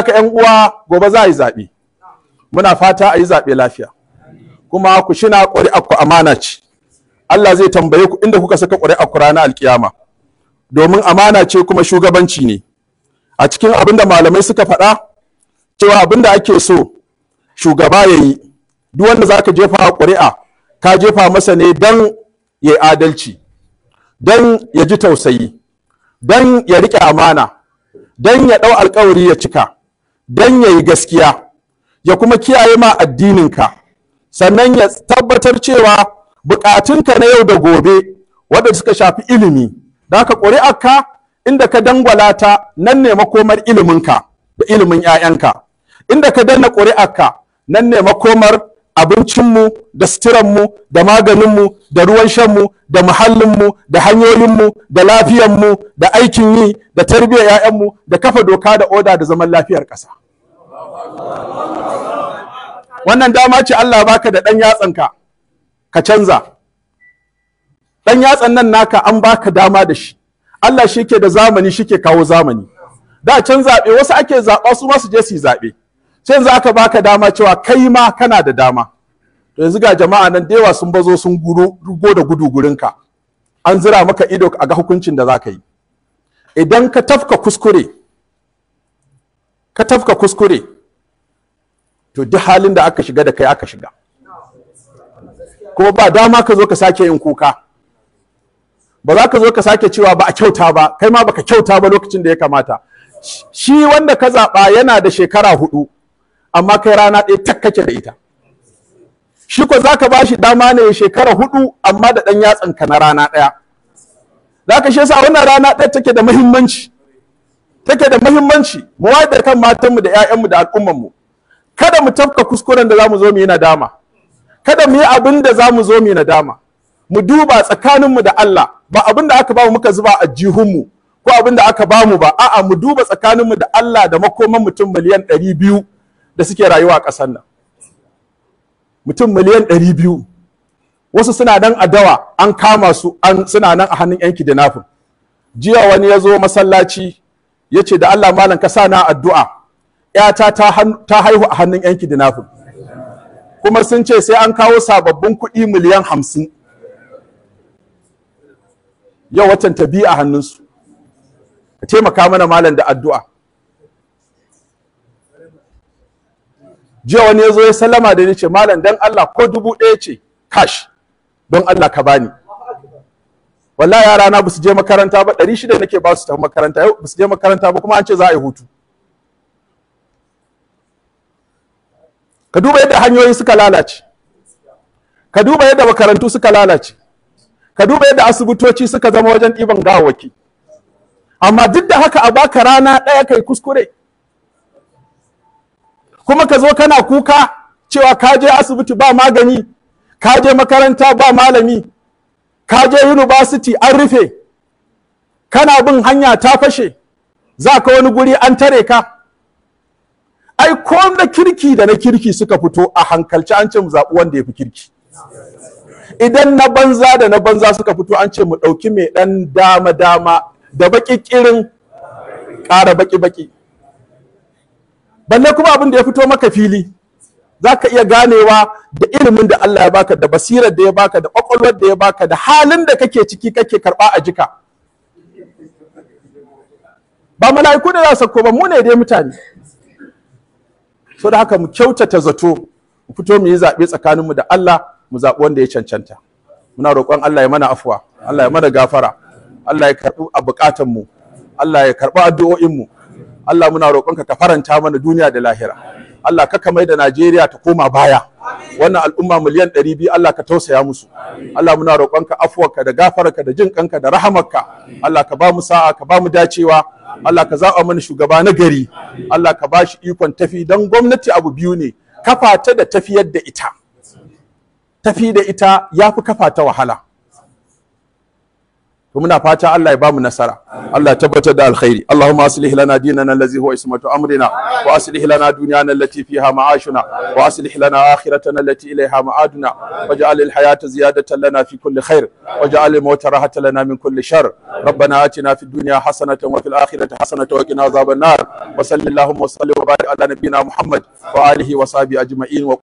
haka yan uwa gobe za a yi zaɓe muna fata a yi zaɓe lafiya kuma ku shina ƙuri'a ku amana ce Allah zai tambaye ku inda kuka saka ƙuri'a ku ranar alkiyama domin amana ce kuma shugabanci ne a cikin abin da malamai suka faɗa cewa abin da ake so shugaba ya yi duk wanda za ka jefa ƙuri'a ka jefa masa ne don ya adalci don ya ji tausayi don ya riƙe amana dan ya ɗau alkawari ya cika don ya yi gaskiya ya kuma kiyaye ma addininka sannan ya tabbatar cewa bukatunka na yau da gobe wadda suka shafi ilimi da ka ƙuri'arka inda ka dangwalata nan ne makomar iliminka da ilimin 'ya'yanka inda ka danna kuri'aka nan ne makomar abincinmu da mu, da maganinmu da ruwan shanmu da muhallinmu da hanyoyinmu da lafiyanmu da aikin yi da tarbiyyar 'ya'yanmu da kafa doka da oda da zaman lafiyar ƙasa wannan dama ce Allah baka da ɗan yatsanka ka canza ɗan yatsan nan naka an baka dama da shi Allah shi ke da zamani shi ke kawo zamani da can zaɓe wasu ake zaɓa su ma su je su yi zaɓe sai ka baka dama cewa kai ma kana da dama yanzu ga jama'a nan da yawa sun bazo sun guro rugo da gudu gurinka an zira maka ido a ga hukuncin da za ka yi idan ka tafka kuskure ka tafka kuskure to duk halin da aka shiga da kai aka shiga kuma ba dama ka zo ka sake yin kuka ba za ka zo ka sake cewa ba a kyauta ba kai ma baka kyauta ba lokacin da ya kamata shi wanda ka zaɓa yana da shekara hudu amma kai rana ɗaya tak kake da ita shi ko zaka bashi dama ne shekara hudu amma da dan yatsan ka na rana daya zaka shi yasa wannan rana daya take da muhimmanci take da muhimmanci mu wayar da kan matanmu da 'ya'yanmu da al'umman mu. kada mu tafka kuskuren da zamu zo mu yi nadama kada mu yi abin da zamu zo mu yi nadama mu duba tsakaninmu da Allah ba abin da aka bamu muka zuba a mu ko abin da aka bamu ba a'a mu duba tsakaninmu da Allah da makoman mutum miliyan ɗari biyu da suke rayuwa a ƙasar nan mutum miliyan ɗari biyu wasu suna nan a dawa an kama su an suna nan a hannun yanki da nafin. jiya wani ya zo masallaci ya ce da Allah malam ka sa na addu'a ‘yata ta haihu a hannun yanki da nafin. kuma sun ce sai an kawo sababbin kuɗi miliyan hamsin yau watan ta biyu a hannunsu ka taimaka mana malam da addu'a jiya wani ya zo ya sallama da ni ce malam dan Allah ko dubu ɗaya ce cash don Allah ka bani wallahi yara na su je makaranta ba ɗari shida nake ba su ta makaranta yau su je makaranta ba kuma an ce za a yi hutu ka duba yadda hanyoyi suka lalace ka duba yadda makarantu suka lalace ka duba yadda asibitoci suka zama wajen ɗiban gawawaki amma duk da haka a baka rana ɗaya kai kuskure kuma ka zo kana kuka cewa ka je asibiti ba magani ka je makaranta ba malami ka je university an rufe kana bin hanya ta fashe za ka wani guri an tare ka ai ko na kirki da na kirki suka fito a hankalci an ce mu zaɓi wanda ya fi kirki idan na banza da na banza suka fito an ce mu ɗauki mai ɗan dama dama da baƙi ƙirin ƙara baƙi baƙi balle kuma abin da ya fito maka fili za ka iya ganewa da ilimin da Allah ya baka da basirar da ya baka da kwakwalwar da ya baka da halin da kake ciki kake karɓa a jika ba mala'iku da za su ba mu ne dai mutane so da haka mu kyautata zato mu fito mu yi zaɓe tsakaninmu da Allah mu zaɓi wanda ya cancanta muna roƙon Allah ya mana afuwa Allah ya mana gafara Allah ya karɓi a buƙatanmu Allah ya karɓi addu'o'inmu Allah muna roƙonka ka faranta mana duniya da lahira Allah ka kamai da Najeriya ta koma baya wannan al'umma miliyan ɗari biyu Allah ka tausaya musu Allah muna roƙonka afuwarka da gafararka da jin kanka da rahamarka Allah ka ba mu sa'a ka ba mu dacewa Allah ka zaɓa mana shugaba na gari Allah ka ba shi ikon tafi don gwamnati abu biyu ne kafa ta da tafiyar da ita tafi da ita ya fi kafa ta wahala to muna fata Allah ya ba mu nasara Allah tabbatar da alkhairi Allahumma aslih lana dinana allazi huwa ismatu amrina wa aslih lana dunyana allati fiha ma'ashuna wa aslih lana akhiratana allati ilayha ma'aduna waj'al alhayata ziyadatan lana fi kulli khair waj'al almauta rahatan lana min kulli shar ربنا آتنا في الدنيا حسنة وفي الآخرة حسنة وقنا عذاب النار وصلى اللهم وسلم وبارك على نبينا محمد وآله وصحبه أجمعين